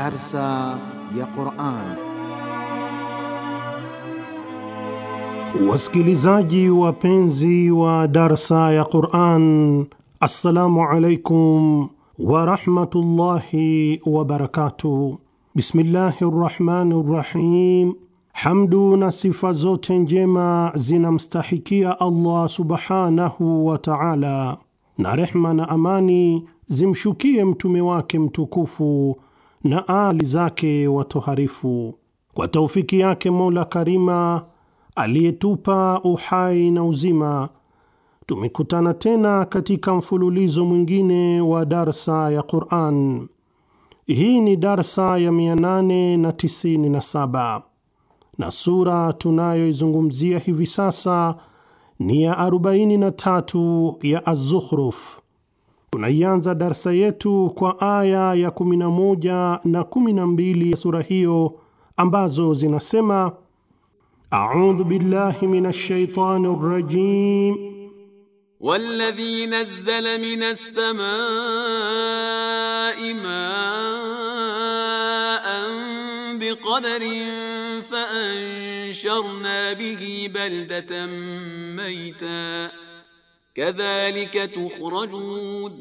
Darsa ya Quran. Wasikilizaji wapenzi wa darsa ya Quran, assalamu alaikum warahmatullahi wabarakatuh. Bismillahi rahmani rrahim. Hamdu na sifa zote njema zinamstahikia Allah subhanahu wa taala, na rehma na amani zimshukie mtume wake mtukufu na ali zake watoharifu. Kwa taufiki yake Mola Karima aliyetupa uhai na uzima, tumekutana tena katika mfululizo mwingine wa darsa ya Qur'an. Hii ni darsa ya 897 na sura tunayoizungumzia hivi sasa ni ya 43 ya Az-Zukhruf. Tunaianza darsa yetu kwa aya ya 11 na 12 ya sura hiyo ambazo zinasema: audhu billahi minash shaitani rrajim, walladhi nazzala minas samai maan biqadarin fa ansharna bihi baldatan maita kadhalika tukhrajun,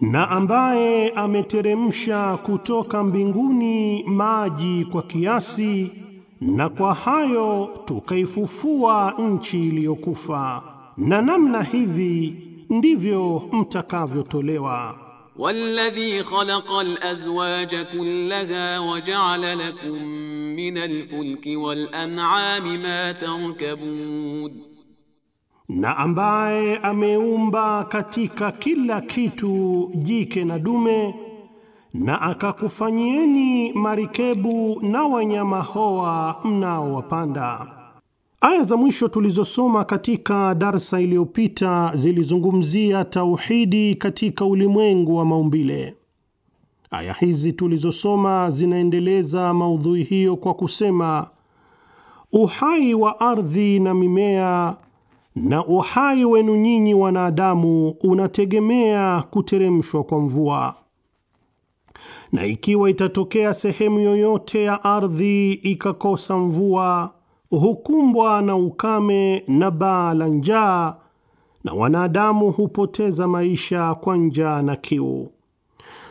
na ambaye ameteremsha kutoka mbinguni maji kwa kiasi, na kwa hayo tukaifufua nchi iliyokufa, na namna hivi ndivyo mtakavyotolewa. walladhi khalaqa alazwaja kullaha waja'ala lakum min alfulki walan'ami ma tarkabun na ambaye ameumba katika kila kitu jike na dume, na akakufanyieni marikebu na wanyama hoa mnaowapanda. Aya za mwisho tulizosoma katika darsa iliyopita zilizungumzia tauhidi katika ulimwengu wa maumbile. Aya hizi tulizosoma zinaendeleza maudhui hiyo kwa kusema uhai wa ardhi na mimea na uhai wenu nyinyi wanadamu unategemea kuteremshwa kwa mvua. Na ikiwa itatokea sehemu yoyote ya ardhi ikakosa mvua, hukumbwa na ukame na baa la njaa, na wanadamu hupoteza maisha kwa njaa na kiu.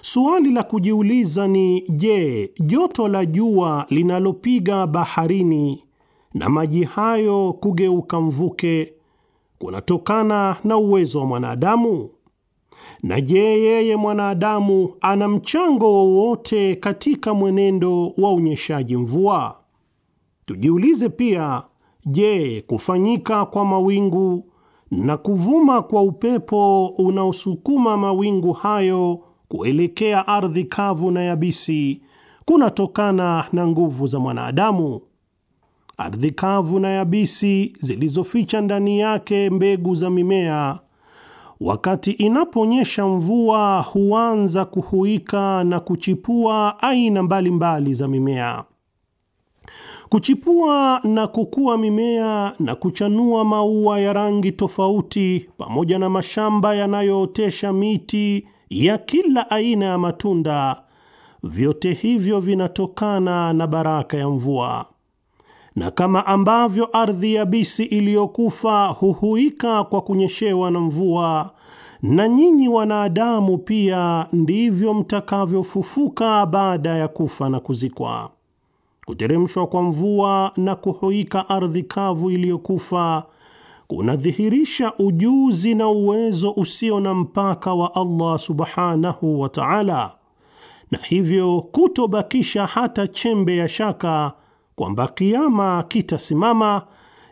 Suali la kujiuliza ni je, joto la jua linalopiga baharini na maji hayo kugeuka mvuke kunatokana na uwezo wa mwanadamu? Na je, yeye mwanadamu ana mchango wowote katika mwenendo wa unyeshaji mvua? Tujiulize pia, je, kufanyika kwa mawingu na kuvuma kwa upepo unaosukuma mawingu hayo kuelekea ardhi kavu na yabisi kunatokana na nguvu za mwanadamu? ardhi kavu na yabisi zilizoficha ndani yake mbegu za mimea. Wakati inaponyesha mvua, huanza kuhuika na kuchipua aina mbalimbali mbali za mimea. Kuchipua na kukua mimea na kuchanua maua ya rangi tofauti, pamoja na mashamba yanayootesha miti ya kila aina ya matunda, vyote hivyo vinatokana na baraka ya mvua na kama ambavyo ardhi yabisi iliyokufa huhuika kwa kunyeshewa na mvua, na nyinyi wanadamu pia ndivyo mtakavyofufuka baada ya kufa na kuzikwa. Kuteremshwa kwa mvua na kuhuika ardhi kavu iliyokufa kunadhihirisha ujuzi na uwezo usio na mpaka wa Allah subhanahu wa ta'ala, na hivyo kutobakisha hata chembe ya shaka kwamba kiama kitasimama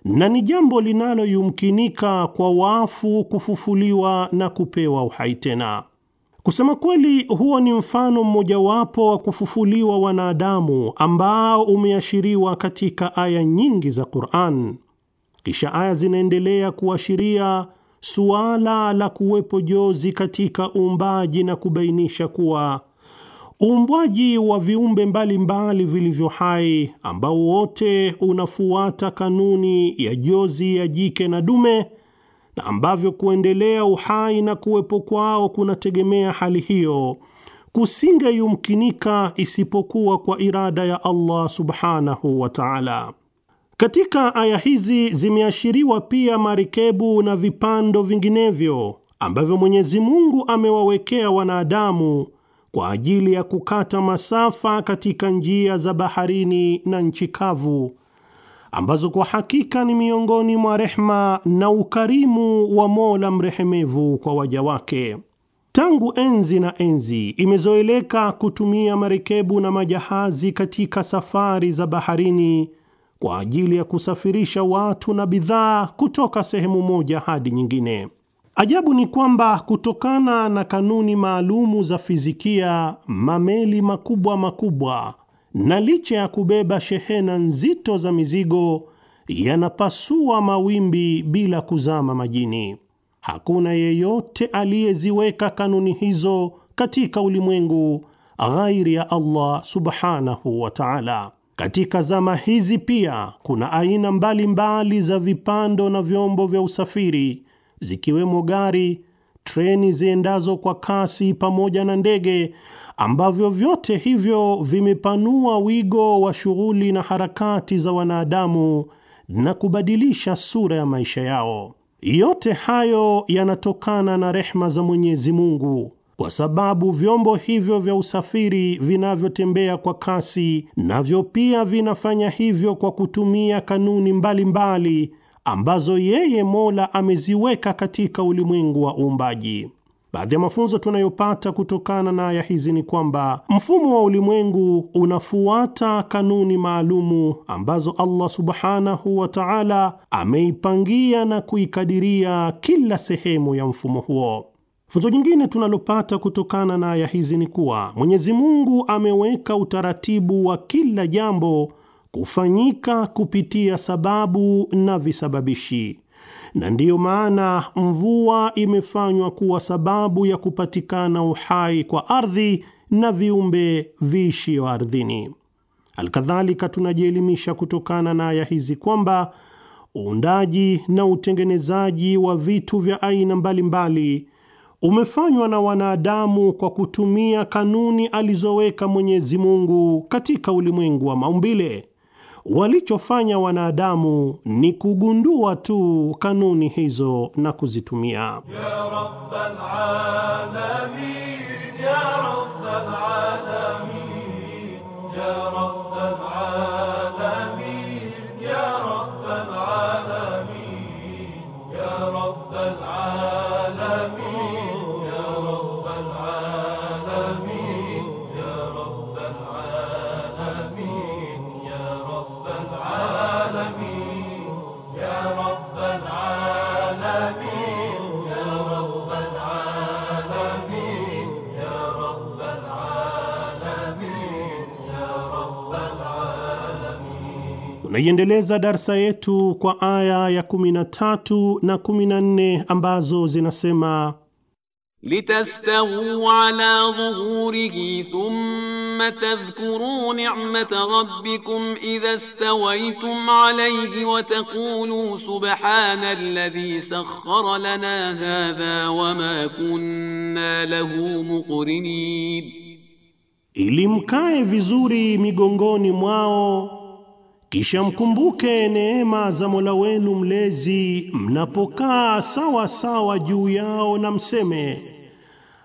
na ni jambo linaloyumkinika kwa wafu kufufuliwa na kupewa uhai tena. Kusema kweli, huo ni mfano mmojawapo wa kufufuliwa wanadamu ambao umeashiriwa katika aya nyingi za Qur'an. Kisha aya zinaendelea kuashiria suala la kuwepo jozi katika uumbaji na kubainisha kuwa Uumbwaji wa viumbe mbalimbali vilivyo hai ambao wote unafuata kanuni ya jozi ya jike na dume na ambavyo kuendelea uhai na kuwepo kwao kunategemea hali hiyo, kusingeyumkinika isipokuwa kwa irada ya Allah subhanahu wa ta'ala. Katika aya hizi zimeashiriwa pia marikebu na vipando vinginevyo ambavyo Mwenyezi Mungu amewawekea wanadamu kwa ajili ya kukata masafa katika njia za baharini na nchi kavu ambazo kwa hakika ni miongoni mwa rehma na ukarimu wa Mola mrehemevu kwa waja wake. Tangu enzi na enzi imezoeleka kutumia marekebu na majahazi katika safari za baharini kwa ajili ya kusafirisha watu na bidhaa kutoka sehemu moja hadi nyingine. Ajabu ni kwamba kutokana na kanuni maalumu za fizikia, mameli makubwa makubwa na licha ya kubeba shehena nzito za mizigo yanapasua mawimbi bila kuzama majini. Hakuna yeyote aliyeziweka kanuni hizo katika ulimwengu ghairi ya Allah subhanahu wa ta'ala. Katika zama hizi pia kuna aina mbalimbali mbali za vipando na vyombo vya usafiri zikiwemo gari, treni ziendazo kwa kasi pamoja na ndege, ambavyo vyote hivyo vimepanua wigo wa shughuli na harakati za wanadamu na kubadilisha sura ya maisha yao. Yote hayo yanatokana na rehma za Mwenyezi Mungu, kwa sababu vyombo hivyo vya usafiri vinavyotembea kwa kasi navyo pia vinafanya hivyo kwa kutumia kanuni mbalimbali mbali ambazo yeye Mola ameziweka katika ulimwengu wa uumbaji. Baadhi ya mafunzo tunayopata kutokana na aya hizi ni kwamba mfumo wa ulimwengu unafuata kanuni maalumu ambazo Allah subhanahu wa ta'ala ameipangia na kuikadiria kila sehemu ya mfumo huo. Funzo jingine tunalopata kutokana na aya hizi ni kuwa Mwenyezi Mungu ameweka utaratibu wa kila jambo kufanyika kupitia sababu na visababishi, na ndiyo maana mvua imefanywa kuwa sababu ya kupatikana uhai kwa ardhi na viumbe viishio ardhini. Alkadhalika, tunajielimisha kutokana na aya hizi kwamba uundaji na utengenezaji wa vitu vya aina mbalimbali umefanywa na wanadamu kwa kutumia kanuni alizoweka Mwenyezi Mungu katika ulimwengu wa maumbile walichofanya wanadamu ni kugundua tu kanuni hizo na kuzitumia ya Rabbal tunaiendeleza darsa yetu kwa aya ya 13 na 14 ambazo zinasema Litastawu ala dhuhurihi thumma tadhkuru ni'mata rabbikum idha stawaytum alayhi wa taqulu subhana alladhi sakhkhara lana hadha wa ma kunna lahu muqrinin, ili mkae vizuri migongoni mwao kisha mkumbuke neema za Mola wenu mlezi mnapokaa sawa sawa juu yao, na mseme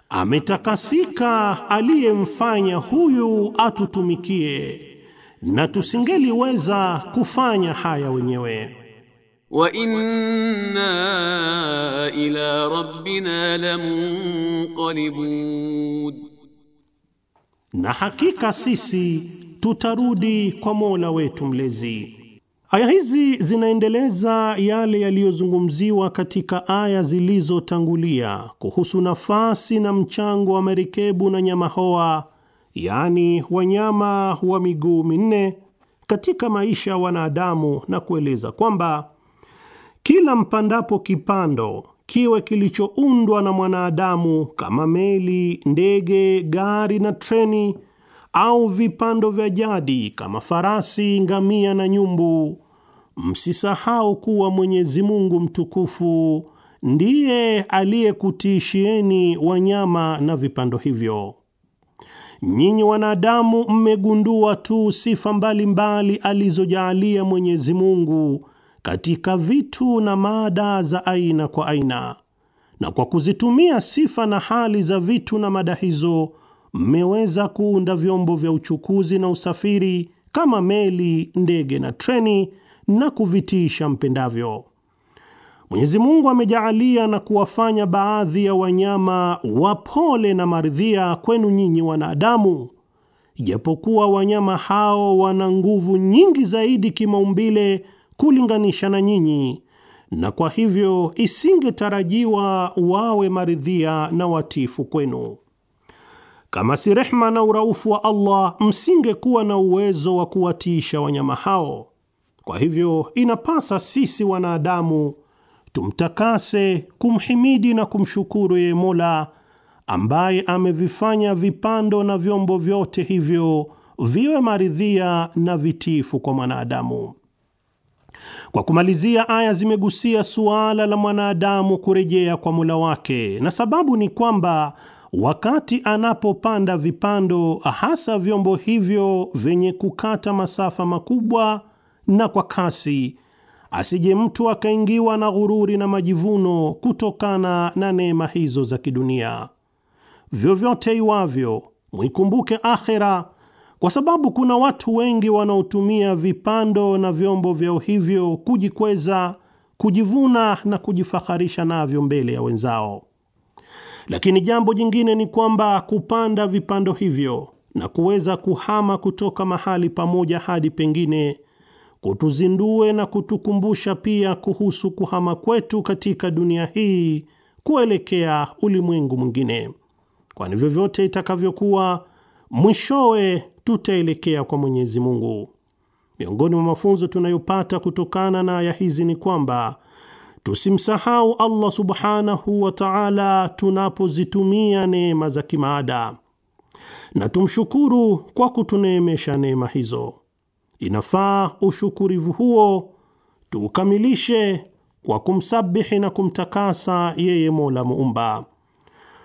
ametakasika aliyemfanya huyu atutumikie, na tusingeliweza kufanya haya wenyewe. Wa inna ila rabbina lamunqalibun, na hakika sisi tutarudi kwa Mola wetu mlezi. Aya hizi zinaendeleza yale yaliyozungumziwa katika aya zilizotangulia kuhusu nafasi na mchango wa merikebu na nyama hoa, yaani wanyama wa miguu minne katika maisha ya wanadamu, na kueleza kwamba kila mpandapo kipando kiwe kilichoundwa na mwanadamu kama meli, ndege, gari na treni au vipando vya jadi kama farasi, ngamia na nyumbu, msisahau kuwa Mwenyezi Mungu mtukufu ndiye aliyekutiishieni wanyama na vipando hivyo. Nyinyi wanadamu mmegundua tu sifa mbalimbali alizojaalia Mwenyezi Mungu katika vitu na mada za aina kwa aina, na kwa kuzitumia sifa na hali za vitu na mada hizo mmeweza kuunda vyombo vya uchukuzi na usafiri kama meli, ndege na treni na kuvitiisha mpendavyo. Mwenyezi Mungu amejaalia na kuwafanya baadhi ya wanyama wapole na maridhia kwenu nyinyi wanadamu, ijapokuwa wanyama hao wana nguvu nyingi zaidi kimaumbile kulinganisha na nyinyi, na kwa hivyo isingetarajiwa wawe maridhia na watifu kwenu. Kama si rehma na uraufu wa Allah, msingekuwa na uwezo wa kuwatiisha wanyama hao. Kwa hivyo, inapasa sisi wanadamu tumtakase, kumhimidi na kumshukuru yeye Mola ambaye amevifanya vipando na vyombo vyote hivyo viwe maridhia na vitifu kwa mwanadamu. Kwa kumalizia, aya zimegusia suala la mwanadamu kurejea kwa Mola wake, na sababu ni kwamba wakati anapopanda vipando, hasa vyombo hivyo vyenye kukata masafa makubwa na kwa kasi, asije mtu akaingiwa na ghururi na majivuno kutokana na neema hizo za kidunia. Vyovyote iwavyo, mwikumbuke akhera, kwa sababu kuna watu wengi wanaotumia vipando na vyombo vyao hivyo kujikweza, kujivuna na kujifaharisha navyo mbele ya wenzao. Lakini jambo jingine ni kwamba kupanda vipando hivyo na kuweza kuhama kutoka mahali pamoja hadi pengine kutuzindue na kutukumbusha pia kuhusu kuhama kwetu katika dunia hii kuelekea ulimwengu mwingine, kwani vyovyote itakavyokuwa, mwishowe tutaelekea kwa Mwenyezi Mungu. Miongoni mwa mafunzo tunayopata kutokana na aya hizi ni kwamba Tusimsahau Allah subhanahu wa ta'ala tunapozitumia neema za kimaada, na tumshukuru kwa kutuneemesha neema hizo. Inafaa ushukurivu huo tuukamilishe kwa kumsabihi na kumtakasa yeye Mola Muumba.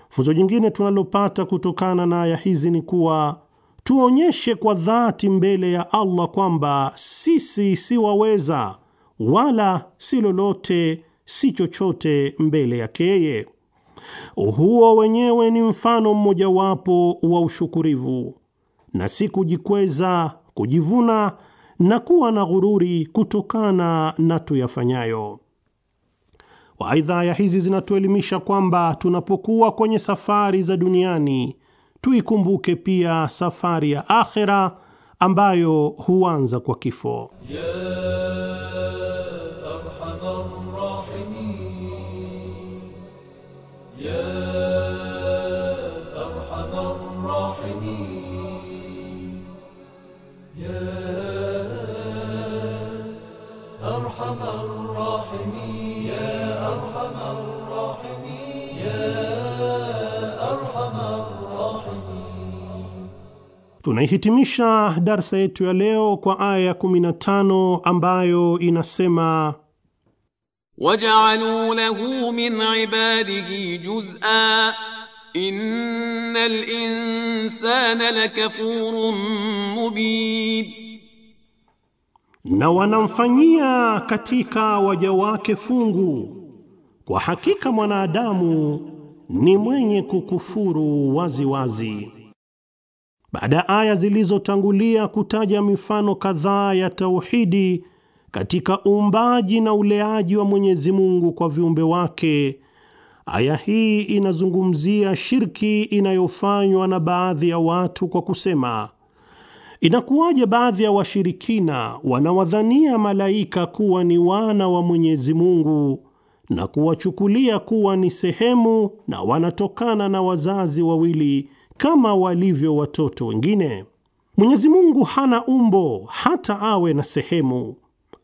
Funzo jingine tunalopata kutokana na aya hizi ni kuwa tuonyeshe kwa dhati mbele ya Allah kwamba sisi siwaweza wala si lolote si chochote mbele yake yeye. Huo wenyewe ni mfano mmojawapo wa ushukurivu, na si kujikweza, kujivuna na kuwa na ghururi kutokana na tuyafanyayo. Waidha, aya hizi zinatuelimisha kwamba tunapokuwa kwenye safari za duniani tuikumbuke pia safari ya akhera ambayo huanza kwa kifo yeah. Tunaihitimisha darsa yetu ya leo kwa aya ya 15 ambayo inasema waj'aluu lahu min ibadihi juz'a innal insana lakafurun mubin, na wanamfanyia katika waja wake fungu, kwa hakika mwanadamu ni mwenye kukufuru waziwazi wazi. Baada ya aya zilizotangulia kutaja mifano kadhaa ya tauhidi katika uumbaji na uleaji wa Mwenyezi Mungu kwa viumbe wake, aya hii inazungumzia shirki inayofanywa na baadhi ya watu kwa kusema, inakuwaje baadhi ya washirikina wanawadhania malaika kuwa ni wana wa Mwenyezi Mungu na kuwachukulia kuwa ni sehemu na wanatokana na wazazi wawili kama walivyo watoto wengine. Mwenyezi Mungu hana umbo hata awe na sehemu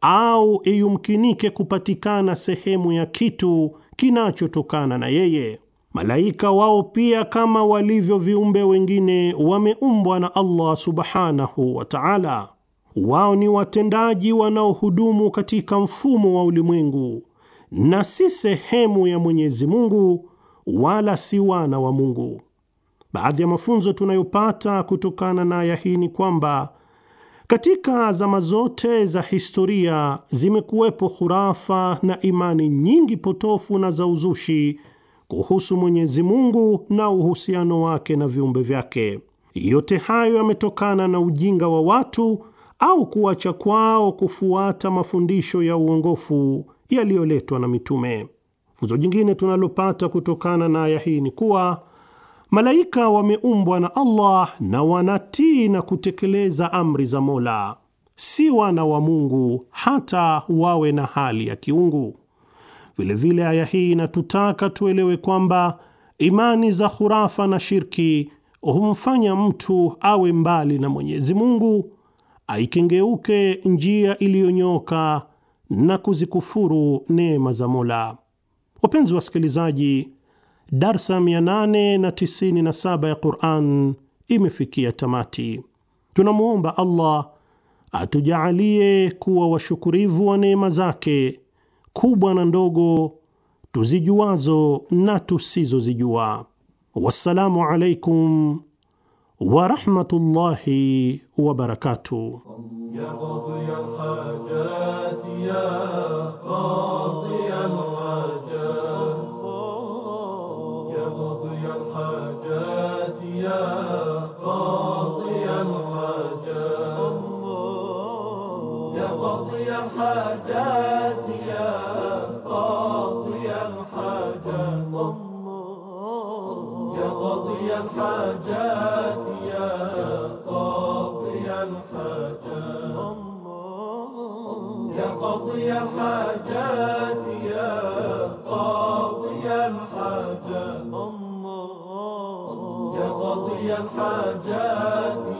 au iyumkinike kupatikana sehemu ya kitu kinachotokana na yeye. Malaika wao pia kama walivyo viumbe wengine wameumbwa na Allah subhanahu wa ta'ala. Wao ni watendaji wanaohudumu katika mfumo wa ulimwengu na si sehemu ya Mwenyezi Mungu wala si wana wa Mungu. Baadhi ya mafunzo tunayopata kutokana na aya hii ni kwamba katika zama zote za historia zimekuwepo hurafa na imani nyingi potofu na za uzushi kuhusu Mwenyezi Mungu na uhusiano wake na viumbe vyake. Yote hayo yametokana na ujinga wa watu au kuacha kwao kufuata mafundisho ya uongofu yaliyoletwa na mitume. Funzo jingine tunalopata kutokana na aya hii ni kuwa Malaika wameumbwa na Allah na wanatii na kutekeleza amri za Mola, si wana wa Mungu hata wawe na hali ya kiungu. Vilevile aya hii inatutaka tuelewe kwamba imani za khurafa na shirki humfanya mtu awe mbali na Mwenyezi Mungu, aikengeuke njia iliyonyoka na kuzikufuru neema za Mola. Wapenzi wasikilizaji, darsa 897 ya Qur'an imefikia tamati. Tunamwomba Allah atujaalie kuwa washukurivu wa neema zake kubwa na ndogo tuzijuazo na tusizozijua. Wassalamu alaikum wa rahmatullahi wa barakatuh. الحاجات يا قاضي الحاجات يا قاضي الحاجات يا قاضي الحاجات يا قاضي الحاجات يا قاضي الحاجات يا قاضي الحاجات